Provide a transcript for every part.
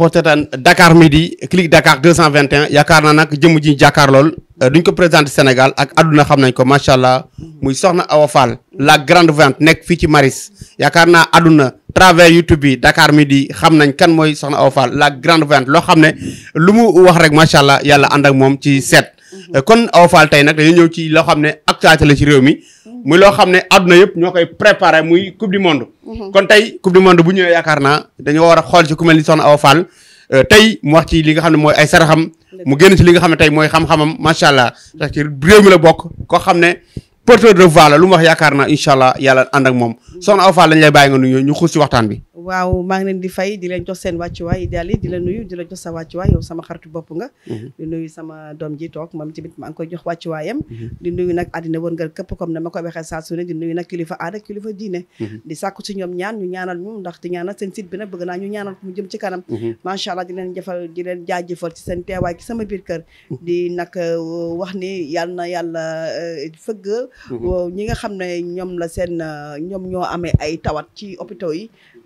foo seetaan Dakar midi clic Dakar 221 yaakaar naa nag jëmm ji jàkkaar lool euh, duñ ko présenté Sénégal ak àdduna xam nañ ko macha allah muy Soxna Awa Fall la grande vente nekk fii ci Maris yaakaar naa àdduna travers YouTube bi Dakar midi xam nañ kan mooy Soxna Awa Fall la grande vente loo xam ne lu mu wax rek macha allah yàlla ànd ak moom ci seet euh, kon Awa Fall tey nag dañu ñëw ci loo xam ne actualité la ci réew mi. muy loo xam ne àdduna yëpp ñoo koy préparé muy coupe du monde. Mhm. kon tey coupe du monde bu ñëwee yaakaar naa dañoo war a xool ci ku mel ni Soxna Awa Fall euh, tey mu wax ci li nga xam ne mooy ay saraxam. mu génn ci li nga xam ne tey mooy xam-xamam macha allah. ndax ci réew mi la bokk koo xam ne porteur de voix lu mu wax yaakaar naa incha allah yàlla ànd ak moom. Mhm. Soxna Awa Fall lañ lay bàyyi nga nuyu ñu xuus ci waxtaan bi. waaw maa ngi leen di fay di leen jox seen wàccuwaay daal di la nuyu di la sa wàccuwaay yow sama xaritu bopp nga mhm. di nuyu sama doom ji toog moom tamit maa ngi koy jox wàccuwaayam mhm. di nuyu nag àddina wërngal këpp comme ma koy waxee saa su ne di nuyu nag kilifa aada kilifa diine mhm. ci ñoom ñaan ñu ñaanal ñu ndax di ñaanal seen sit bi nag bëgg naa ñu ñaanal mu jëm ci kanam macha allah di leen jëfal di leen jaajëfal ci seen teewaay ci sama biir kër di nag euh, wax ni yàlla na yàlla euh, fëgg ñi nga xam ne ñoom la seen euh, ñoom ñoo amee ay tawat ci hôpitaux yi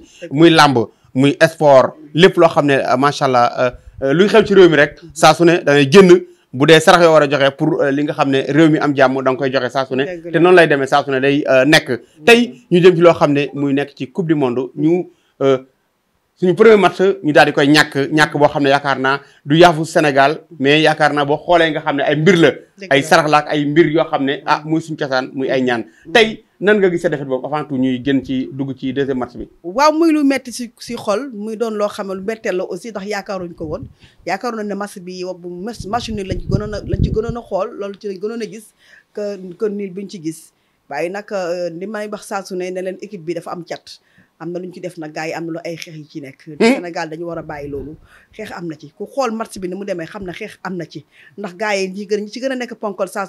tey muy làmb muy sport lépp loo xam ne euh, macha allah euh, euh, luy xew ci réew mi rek saa su ne dangay génn bu dee sarax yoo war a joxe pour li nga xam ne réew mi am jàmm da koy joxe saa ne te noonu lay demee saa su day nekk tey ñu jëm ci loo xam ne muy nekk ci coupe du monde ñu suñu premier match ñu daal di koy ñàkk ñàkk boo xam ne yaakaar naa du yaafu Sénégal mais yaakaar naa boo xoolee nga xam ne ay mbir la ay sarax la ay mbir yoo xam ne ah muy suñu cosaan muy ay ñaan mm. tey nan nga gisee defet boobu avant tout ñuy gën ci dugg ci deuxième match bi waaw muy lu metti si si xol muy doon loo xam ne lu metteel la aussi ndax yaakaaruñ ko woon yaakaar nañ ne match bi bu match nul lañ gënoon a lañ ci gënoon a xool loolu ci lañ gënoon a gis que que bi ñu ci gis waaye nag li euh, may wax saa su ne ne leen équipe bi dafa am cat am na lu ñu ci def na lu ay xeex yi ci nekk hmm? Sénégal dañu war a bàyyi loolu xeex am na ci ku xool match bi ni mu demee xam na xeex am na ci ndax gars yi ñi gën ñi ci gën a nekk ponkol saa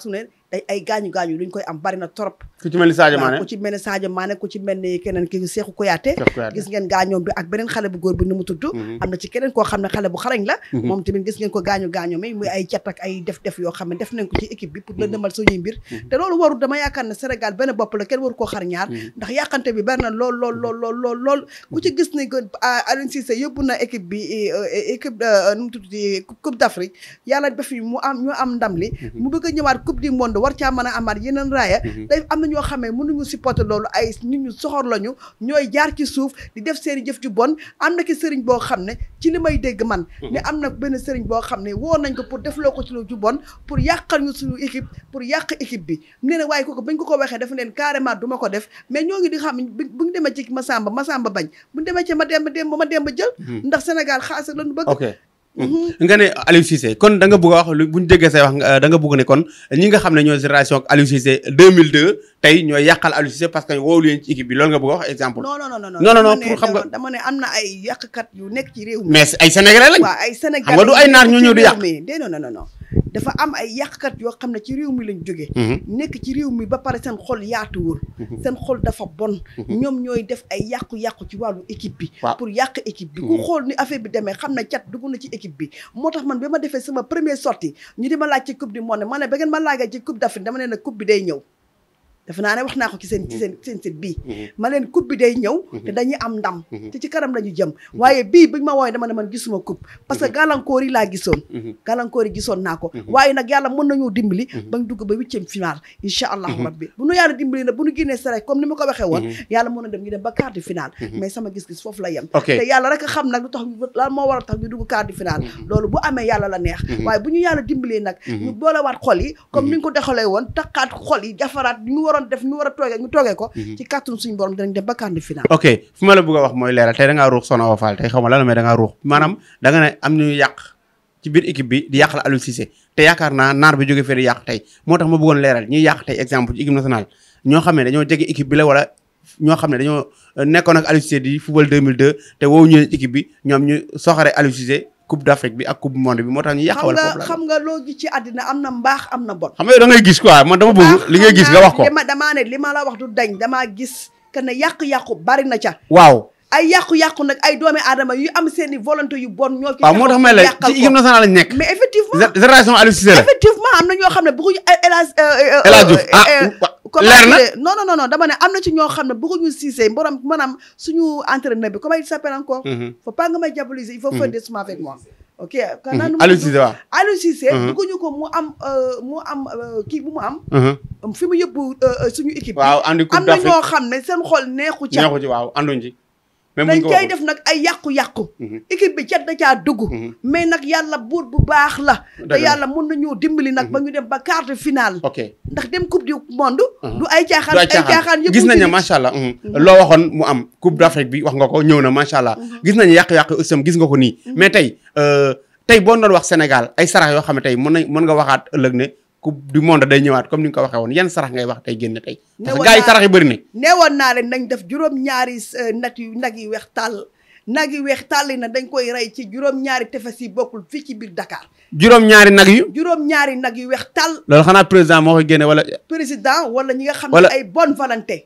bari na trop ku ci mel ni Sadio Mané ku ci mel ni Sadio Mané ku ci mel ni keneen ki Cheikhou Kouyaté bi ak beneen xale bu góor bi ni mu tudd hmm. am na ci keneen koo xam ne xale bu xarañ la hmm. moom tamit gis ngeen ko gaañu gaañoom yi muy ay cat ak ay def def yoo xam ne def nañ ko ci équipe bi pour la demal suñuy mbir te loolu waru dama yaakaar ne Sénégal benn bopp la kenn waru koo xar ndax yàqante bi bari lool lool lool ku ci gis ni que ah, Aliou Cissé yóbbu na équipe bi eh, eh, équipe euh, nu mu tudd eh, coupe d'Afrique yàlla def mu am ñu li mhm. mu bëgg a ñëwaat coupe du monde war caa mën a amaat yeneen raaya day mhm. am na ñoo xamee mënuñu supporter loolu ay nit ñu soxor lañu ñooy jaar ci suuf di def seen i jëf ju bon am na ki sëriñ boo xam ne ci li may dégg man mhm. ne am na benn sëriñ boo xam ne woo nañ ko pour defloo ko ci lu ju bon pour yàqal ñu suñu équipe pour yàq équipe bi n na waaye kooku bañ ko ko waxee dafa leen carrément du ma ko def Samba Masamba bañ bu ñu demee ca ma demb demba ma demb jël hmm. ndax Sénégal xaalis la ñu bëgg ok hmm. Hmm. nga ne Aliou kon da nga bëgg a wax bu ñu déggee say wax da nga bëgg ne kon ñi nga xam ne ñoo génération Aliou Cissé 2002 tey ñoo yàqal Aliou Cissé parce que woowu leen ci équipe bi loolu nga bëgg a wax exemple. non non no non non pour xam nga dama ne am na ay yàqkat yu nekk ci réew mi. mais ay ay sénégalais xam ay naar ñoo ñëw di yàq. non non non. dafa am ay yàqkat yoo xam ne ci réew mi lañ jóge mhm. nekk ci réew mi ba pare seen xol yaatuwul mhm. seen xol dafa bon mhm. ñoom ñooy def ay yàqu-yàqu ci wàllu équipe bi pour yàq équipe bi ku xool ni affaire bi demee xam ne cat dugg na ci équipe bi moo tax man ba ma defee sama première sortie ñu di ma laaj ci coupe du monde ma ne ba ngeen ma laajee ci coupe d'Afrique dama ne na coupe bi day ñëw dafa naa ne wax naa ko ci seen ci mhm. seen seen sit bii mhm. ma leen coupe bi day ñëw mhm. te dañuy am ndam te ci kanam lañu jëm waaye bii buñ ma woowee dama ne man gisuma coupe parce que gàllankoor yi laa gisoon gàllankoor yi gisoon naa ko waaye nag yàlla mën nañoo dimbali bañ dugg ba huitième final incha allahu rabbi bu nu yàlla dimbali nag bu nu génnee sere comme ko waxee woon yàlla mën na dem ñu dem ba la yem te yàlla a xam nag lu tax lan war a tax ñu dugg quart de la neex waaye bu ñu yàlla waroon def ñu war a toogee ñu toogee ko mhm. ci kàttanu suñu borom dinañ dem ba quart de ok fu ma la bëgg a wax mooy leeral tey da ruux Soxna Awa Fall tey ma lan mais da ruux maanaam da ne am ñu yàq ci biir équipe bi di yàqal Aliou Cissé te yaakaar naa naar bi jóge fee di yàq tey moo tax ma bëggoon leeral ñuy yàq tey exemple ci équipe nationale ñoo xam ne dañoo jege équipe bi la wala ñoo xam ne dañoo nekkoon ak Aliou Cissé di football 2002 te woowu ñu équipe bi ñoom ñu soxare coupe d'Afrique bi a coupe du monde bi moo tax ñu yàqawal foofu la nga loo gis ci àddina am na mbaax am na bon. xam nga da ngay gis quoi man dama bëgg li gis nga wax ko. ne li ma dañ damaa gis que ne yàqu bari na ca. waaw ay yàqu-yàqu nag ay doomi aadama yu am seen i bon. ñoo ci yàqal ko waaw moo tax may la effectivement am na ñoo xam ne bëgguñu El Hadj euh, euh, leer na non non non dama ne am na ci ñoo xam ne bëgguñu Cissé borom maanaam suñu entraîneur bi comment il s'appelle encore. Mm-hmm. faut pas nga may diaboliser il faut faire mm-hmm. doucement avec moi. ok xanaa mm-hmm. nu Aliou Cissé waaw Aliou Cissé ko mu am euh, mu am euh, kii bu mu am. fi mu yëpp euh, suñu équipe. waaw andi coupe d'Afrique am xam ne seen xol neexu ci. neexu ci waaw anduñ ci. dañ cay def nag ay yàqu-yàqu mhm. équipe bi cat da caa dugg mhm. mais nag yàlla buur bu baax la te yàlla na ñëw dimbali nag ba mhm. ñu dem ba quart de finale ndax dem coupe du monde du ay caaxaan ay caaxaan yëpp gis nañ ne macha allah loo waxoon mu am coupe d'Afrique bi wax nga ko ñëw na macha allah gis nañ yàq-yàq itam gis nga ko nii mais tey euh, tey boo doon wax Sénégal ay sarax yoo xam ne tey mën nañ mën nga waxaat ëllëg ne coupe du monde day ñëwaat comme ni nga ko waxee woon yan sarax ngay wax tey génn tey. parce que nañ. leen def juróom-ñaari euh, nag yu nag yi weex tàll nag yi weex tàll yi nag dañ koy rey ci juróom-ñaari tefes yi bokkul fii ci biir Dakar. juróom-ñaari nag yu. juróom-ñaari nag yu weex tàll. loolu xanaa président moo koy génne wala. président wala ñi nga xam ne ay bonne volonté.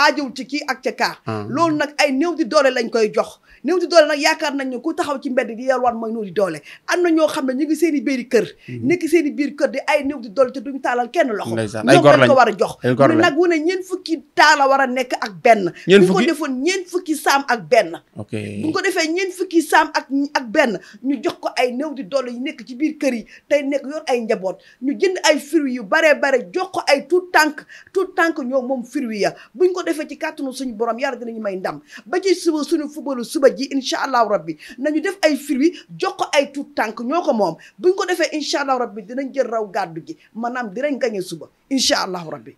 aajul ci ki ak ca kaa. Ah. loolu nag ay néew di doole lañ koy jox. néew di doole nag yaakaar nañ ne ku taxaw ci mbedd di yalwaan mooy néew di doole am na ñoo xam ne ñu ngi seen i biir kër mhm. nekk seen i biir kër di ay néew di doole te duñu taalal kenn loxo ñoom dañ ko war a jox ñu nag wu ne ñeen fukki taala war a nekk ak benn buñ ko ñeen fukki saam ak benn buñ ko defee ñeen fukki saam ak ak benn ñu jox ko ay néew di doole yu nekk ci biir kër yi tey nekk yor ay njaboot ñu jënd ay fruits yu baree bare jox ko ay tout tànk tout tànk ñoo moom fruits ya buñ ko defee ci kàttanu suñu borom yàlla dinañu may ndam ba ci suba suñu fubalu suba àllarba ji incha allahu rabbi nañu def ay fruits jox ko ay tuut tànk ñoo ko moom buñ ko defee incha allahu rabbi dinañ jël raw gàddu gi maanaam dinañ gañe suba incha allahu rabbi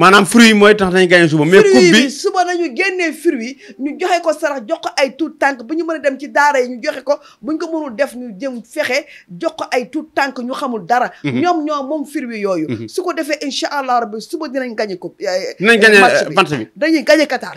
maanaam fruit mooy tax nañ gagné suba mais coupe bi suba nañu génnee fruit ñu joxe ko sarax jox ko ay tout tànk bu ñu mën a ci daara yi ñu joxe ko buñ ko mënul def ñu jëm fexe jox ko ay tout tànk ñu xamul dara mhm. ñoom ñoom moom fruit yooyu mhm. su ko defee incha allah rabbi suba dinañ gagné coupe eh, eh, dinañ gagné match bi dañuy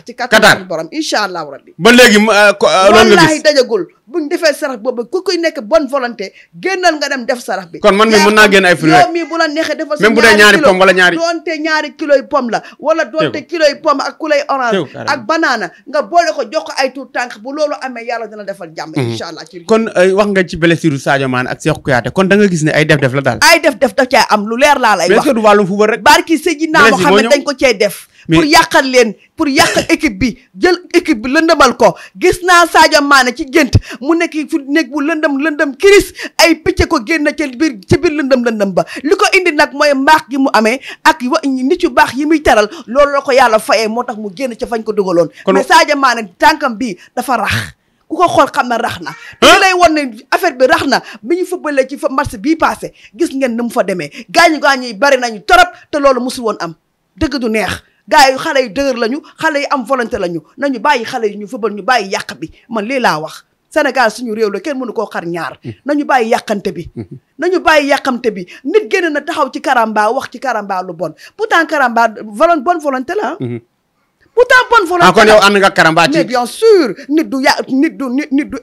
ci Qatar borom incha allah rabbi ba léegi euh, euh, wallaahi dajagul buñ defee sarax boobu ku koy nekk bonne volonté génnal nga dem def sarax bi kon man mi mën naa génn ay fruit yow bu la neexee defal dee ñaari pomme wala ñaari doonte ñaari kilo pomme la wala doonte kilo yi pomme ak kulay orange ak banaana nga boole ko jox ko ay tuur tànk bu loolu amee yàlla dina defal jàmm mhm. incha allah kon euh, wax nga ci blessure Sadio Mané ak Cheikhou Kouyaté kon da nga gis ne ay def def la daal ay def def daf cay am lu leer laa lay wax barki Seydina Mohamed dañ ko cee def pour yàqal leen pour yàq équipe bi jël équipe bi lëndëmal ko gis naa Sadio Mané ci gént mu nekki fu nekk bu lëndëm lëndëm kiris ay picc ko génn ca biir ca biir lëndëm lëndëm ba li ko indi nag mooy mbaax gi mu amee ak wa nit yu baax yi muy teral loolu la ko yàlla fayee moo tax mu génn ca fañ ko dugaloon mais saaja maana tànkam bi dafa rax ku ko xool xam na rax na li lay won ne affaire bi rax na bi ñu footballee ci fa match bii passé gis ngeen ni mu fa demee gaañu gaañu yi bari nañu torop te loolu musul woon am dëgg du neex gars yi xale yi la lañu xale yi am volonté lañu nañu bàyyi xale yi ñu fëbal ñu bàyyi yàq bi man lii laa wax Sénégal suñu réew la kenn mënu koo xar ñaar mm-hmm. nañu bàyyi yàqante bi mm-hmm. nañu bàyyi yàqante bi nit génn na taxaw ci karamba wax ci karamba lu bon pourtant karamba volon bonne volonté la mm-hmm. pourtant bonne volonté ah, la kon yow ànd karamba ci mais bien sûr nit du yà du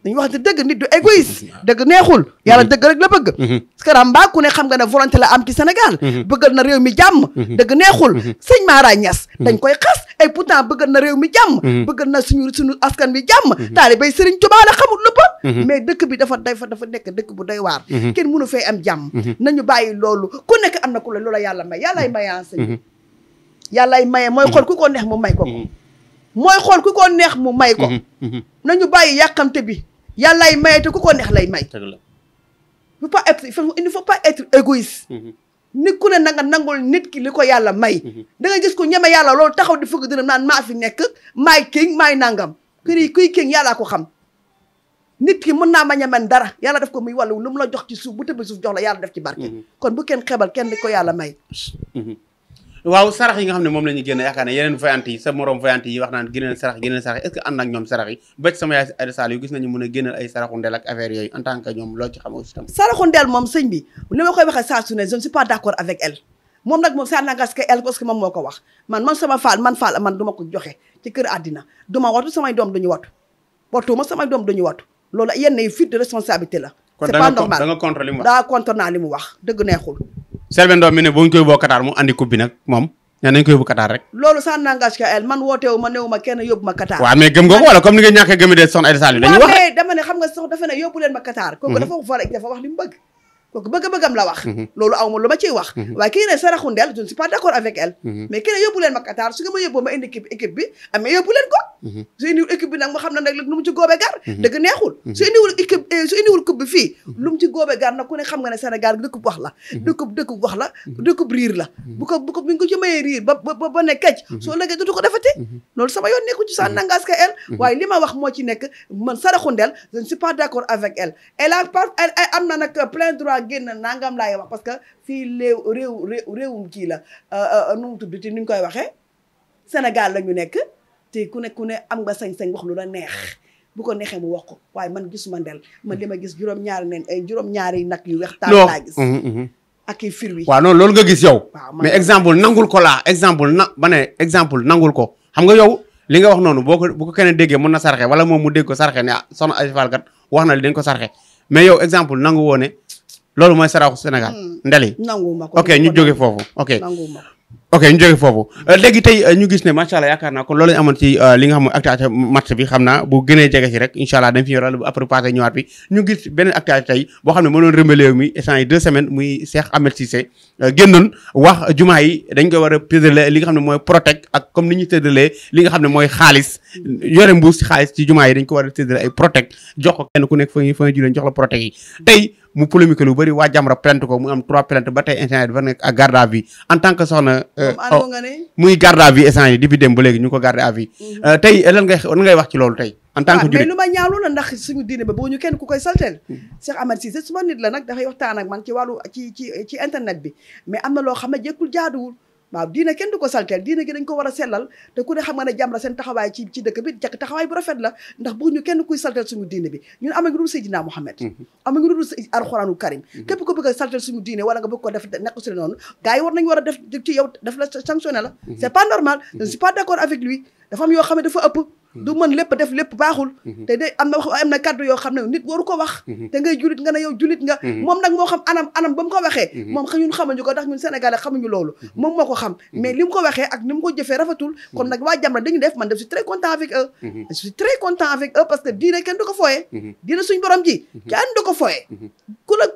dañu wax ne dëgg nit du égoïste ah. dëgg neexul yàlla mm-hmm. dëgg rek la bëgg mm-hmm. parce que Ramba ku ne xam nga ne volonté la am ci senegal mm-hmm. bëggal na réew mi jàmm dëgg neexul sëñ Mara Niass dañ koy xas ay pourtant bëggal na réew mi jàmm bëgg na suñu suñu askan bi jàmm taalibay Sëriñ Tuubaa la xamul lépp mais dëkk bi dafa day fa dafa nekk dëkk bu day waar kenn mënu fay am jàmm nañu bàyyi loolu ku nekk am na ku la loola yàlla may yàllaay mayaan sëñ yàllaay maye mooy xool ku ko neex mu may ko ko mooy xool ku ko neex mu may ko nañu bàyyi yàqamte bi yàllaay maye te ku ko neex lay may. il faut pas être il faut pas être égoïste. Mm-hmm. ku ne na nga nangul nit ki li ko yàlla may. Mm-hmm. da nga gis ko ñeme yàlla loolu taxaw di fukki dërëm naan maa fi nekk maay king maay nangam. kuy mm-hmm. ki king yàllaa ko xam. nit ki mën naa ma ñemen dara yàlla def ko muy wàllu lu mu la jox ci suuf bu tëbbi suuf jox la yàlla def ci barke. kon bu kenn xebal kenn di ko yàlla may. waaw sarax yi nga xam ne moom la ñuy génn yaakaar ne yeneen voyante yi sa morom voyante yi wax naan génneel sarax génneel sarax est-ce que ànd ak ñoom sarax yi ba a saraxu ndel moom sëñ bi li ma koy waxee saa su ne je ne pas d'accord avec elle moom nag moom ça n'engage que elle parce que moo ko wax man man sama faal man faal man du ma ko joxe ci kër àddina duma watu samay doom duñu watu ma samay doom duñu watu loolu yenn fuite de responsabilité la c'est pas normal daa contre naa li mu wax dëgg neexul Selbé Ndom mi ne bu ñu koy boo mu andi coupe moom ñaan nañu koy yóbbu Qatar rek loolu ça n'engage que elle man wootewu ma néew ma ma Qatar waaw ko wala comme ni nga mhm. dafa wax li mu bëgg kooku bëgg-bëggam la wax mhm. loolu aw ma ma ciy wax mhm. waaye kii ne saraxu ndel je ne d'accord avec elle mais kii ne yóbbu leen ma Qatar su nga ma yóbbu ma indi équipe bi amee ah, leen ko Mhm. su indiwul équipe bi nag ma xam ne nag lu mu ci góobe gar mhm. dëgg neexul mhm. su indiwul équipe eh, su indiwul coupe bi fii lu mu ci góobe gar nag ku ne xam nga ne Sénégal dëkkub wax la dëkkub dëkkub wax la dëkkub riir la bu ko bu ko bi nga ko ci mayee riir ba ba ba ne kecc soo lëggee dutu ko defati loolu sama yoon nekku ci sa nangaas ka elle waaye li ma wax moo ci nekk man saraxundel je ne suis pas d'accord avec elle elle a pas elle am na nag plein droit génn nangam laay wax parce que fii léew réew réewum kii la euh, euh, nu mu tudd te ni ñu koy waxee Sénégal la ñu nekk te ku ne ku ne am nga sañ-sañ wax lu la neex bu ko neexee mu wax ko waaye man gis gisuma del man li ma gis juróom-ñaari nen ay eh, juróom-ñaari nag yu weex taal laa gis mhm, mhm. ak i fir wi waaw loolu nga gis yow mais exemple nangul ko laa exemple na ba ne exemple nangul ko xam nga yow li nga wax noonu boo ko bu ko keneen déggee mën na sarxe wala moom mu dégg ko sarxe ne ah soxna a Fall kat wax na li dañ ko sarxe mais yow exemple nangu woone loolu mooy saraxu Sénégal hmm. ndel yi nangu ma ko ok ñu jóge foofu ok ma ok ñu jóge foofu euh, léegi tey euh, ñu gis ne macha allah yaakaar naa kon loolu amoon ci euh, li nga xam ne actualité match bi xam naa bu gënee rek incha allah dañ fi ñëwaat bu après passé ñëwaat bi ñu gis beneen actualité tey boo xam ne mënoon rëmbaleew wax jumaa yi dañ koy war a tëddale li nga xam ne mooy protect ak comme ni ñuy tëddalee li nga xam ne mooy xaalis yore mbuus si xaalis ci jumaa yi dañ ko war a tëddale ay protect jox ko kenn ku nekk fa nga fa nga juleen jox la protect yi mu polémique lu bëri waa Jamra plainte ko mu am trois plainte ba tey euh, oh, ko garde à mhm. euh, loolu tey. en tant que jullit ah, mais ku koy salteel mhm. Cheikh Ahmed Cissé suma nit internet bi mais am na loo xam ne jekkul jaaduwul waaw diina kenn du ko salteel diina gi ko war a sellal te ku ne xam nga seen taxawaay ci ci dëkk bi jakk taxawaay bu rafet ndax bëgg ñu kenn kuy salteel suñu diine bi ñun ama ngi dul Seydina Muhammad ama ngi dul ko a salteel def nekk su noonu gars war nañu war a def ci yow daf la sanctionné la mm-hmm. c'est pas normal mm-hmm. je pas d'accord avec lui dafa am yoo xam ne dafa ëpp du mën lépp def lépp baaxul mhm. te day am na wax am na kàddu yoo xam ne nit waru ko wax mhm. te ngay julit nga ne yow julit nga mhm. moom nag moo xam anam anam ba mu ko waxee moom ñun xamuñu ko ndax ñun sénégalais xamuñu loolu moom moo ko xam mais li mu ko waxee ak ni mu ko jëfee rafetul kon nag waa Jamra dañu def man def je suis très content avec eux je suis content avec eux parce que diine kenn du ko fooye diine suñ borom ji kenn du ko fooye ku la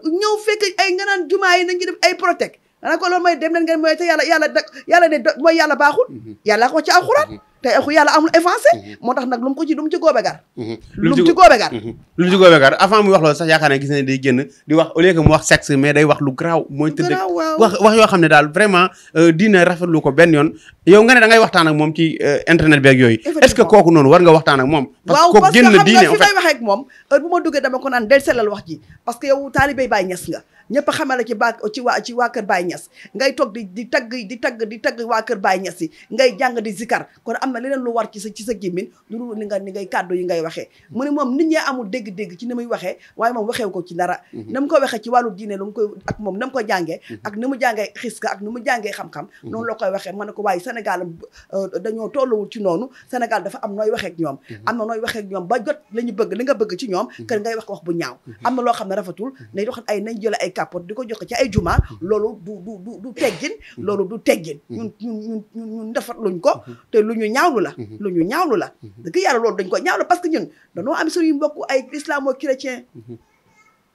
fekk ay nga naan jumaa yi nañu def ay protect xanaa ko loolu mooy dem leen ngeen mooy te yàlla yàlla yàlla de mooy yàlla baaxul yàlla ko ci alxuraan te exu yàlla amul avancé. Mhm. moo tax nag lu mu ko ci lu mu ci góobe gar lu ci góobe gar avant muy wax loolu sax yaakaar naa gis ne day génn di wax au lieu que mu wax sexe mais day wax lu garaaw mooy tëdd wax wax yoo xam ne daal vraiment euh, diina rafetlu ko benn yoon yow nga ne da ngay waxtaan ak moom ci euh, internet beeg yooyu est-ce que kooku noonu war nga waxtaan ak moom parce génn diine waaw parce moom bu ma duggee dama ko naan del sellal wax ji parce que yow taalibé Baay Ñas ñëpp xamal la ci baa ci waa ci waa kër Baye Niass ngay toog di di tagg di tagg di tagg waa kër Baye Niass yi ngay jàng di zikar kon am na leneen lu war ci sa ci sa gémmiñ lu li nga ni ngay kàddu yi ngay waxee mm-hmm. mu ne moom nit ñee amul dégg-dégg ci ni muy waxee waaye moom waxeewu ko ci dara mm-hmm. na ko waxee ci wàllu diine lu mu koy ak moom na mu jàngee mm-hmm. ak ni mu jàngee xiska ak ni mu jàngee xam noonu la koy waxee ma ne ko waaye Sénégal euh, dañoo tolluwul ci noonu Sénégal dafa am nooy waxeek ñoom am na nooy waxee ñoom ba jot la ñu bëgg li nga bëgg ci ñoom kër ngay wax wax bu ñaaw am na loo xam ne rafatul nay dox ay nañ jël ay capote di ko joxe ci ay juma mm-hmm. loolu du du du du teggin mm-hmm. loolu du teggin mm-hmm. ñun ñun ñun ñun defar luñ ko te lu ñu ñaawlu la lu ñu ñaawlu la dëgg yàlla loolu dañ ko ñaawlu parce que ñun dañoo am suñuy mbokk ay islamo chrétien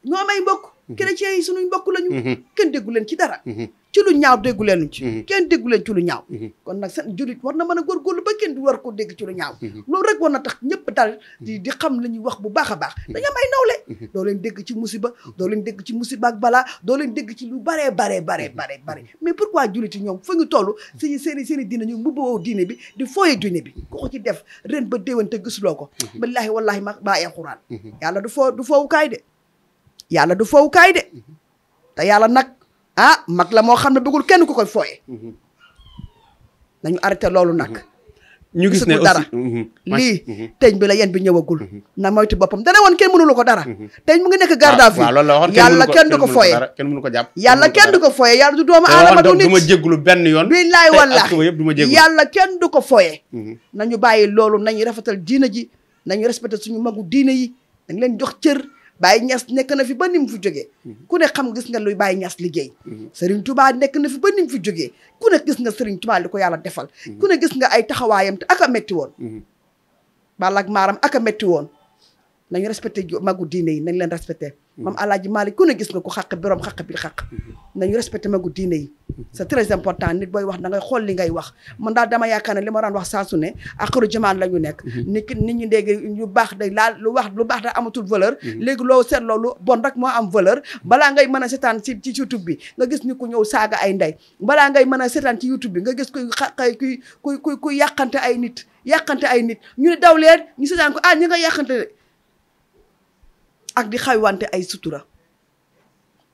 ñoo may mbokk mhm. chrétiens yi sunuñ mbokk lañu mhm. kenn déggu leen ci dara mhm. ci lu ñaaw déggu leen ci kenn déggu leen ci lu ñaaw kon nag seen jullit war na mën a góorgóorlu ba kenn di war ko dégg ci lu ñaaw loolu rek war na tax ñëpp dal di di xam li ñuy wax bu baax a baax dañu am ay nawle doo leen dégg ci musiba doo leen dégg ci musiba ak balaa doo leen dégg ci lu bare baree baree baree bare mais pourquoi jullit yi ñoom fa ñu toll seen seen seen i diine ñu mbubboo diine bi di fooye diine bi ku ko ci def ren ba déwén te gisuloo ko billaahi wallaahi ma baa alxuraan yàlla du foo du foowu kaay de yàlla du fowukaay de mhm. te yàlla nag ah mag la moo xam ne bëggul kenn ku koy fooye mhm. nañu arrêté loolu nag mhm. ñu gis ne dara lii teñ bi la yéen bi ñëwagul na ti boppam dana woon kenn mënulu ko dara teñ mu ngi nekk garde à yàlla kenn du ko fooye kenn mënu ko jàpp yàlla kenn du ko fooye yàlla du doomu aadama du nit du ma jéglu benn yoon billaay yàlla kenn du ko foye fooye nañu bàyyi loolu nañu rafetal diina ji nañu respecté suñu magu diina yi dañ leen jox cër bay Niass nekk na fi ba ni mu fi jógee mhm. ku ne xam gis nga luy Baye Niass liggéey mhm. Serigne Touba nekk na fi ba ni mu fi jógee ku ne gis nga Serigne Touba li ko yàlla defal mhm. ku ne gis nga ay taxawaayam te aka metti woon balak maaram aka metti woon nañu respecté magu diine yi nañ leen respecté mam alaaji Malick ku ne gis nga ko xaq borom xaq bi xaq mm-hmm. nañu respecté magu diine yi mm-hmm. c'est très important nit booy wax da ngay xool li ngay wax man daal dama yaakaar ne li ma daan wax saa su ne aqaru jamaan la ñu nekk mm-hmm. nit nit ñi léegi ñu baax day laal lu wax lu baax da amatul valeur léegi loo seet loolu bon rek moo am valeur balaa ngay mën a seetaan ci ci youtube bi nga gis ni ku ñëw saaga ay ndey balaa ngay mën a seetaan ci youtube bi nga gis kuy xaqay kuy kuy kuy kuy yàqante ay nit yàqante ay nit ñu ne daw leen ñu seetaan ko ah ñi nga yàqante ak di wante ay sutura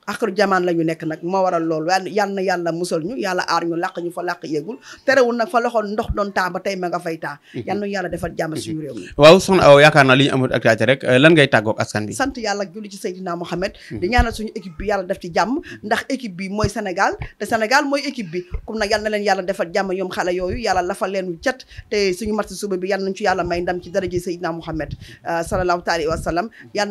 axaru jamaan la ñu nekk nag moo waral loolu yal na yàlla musal ñu yàlla aar ñu làq ñu fa làq yéegul terewul nag fa loxoon ndox doon taa tey ma nga fay mhm. na yàlla defal mhm. suñu euh, bi sant yàlla julli ci Seydina Mohamed mhm. di ñaanal suñu équipe bi yàlla def ci jàmm mooy Sénégal na leen yàlla defal jàmm ñoom xale yooyu yàlla lafa leen cat te suñu match suba bi yal nañ ci yàlla may ndam ci daraje Seydina Mohamed euh, sallallahu taala wa sallam na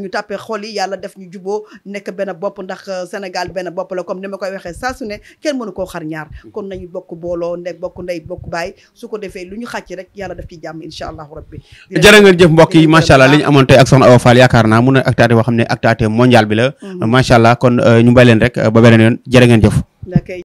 ñu tàppee xol yàlla def ñu juboo nekk benn benn bopp ndax euh, Sénégal benn bopp la comme ni koy waxee saa su ne kenn mënu mm-hmm. kon nañu bokk booloo ndek bokk ndey bokk baay su ko defee lu ñu xàcc rek yàlla daf ci jàmm incha allahu rabbi jërë ngeen jëf mbokk allah li amoon tey ak soxna Awa Fall yaakaar naa ne actualité boo xam ne actualité mondial bi la mm-hmm. allah kon euh, ñu leen rek euh, ba beneen yoon jërë ngeen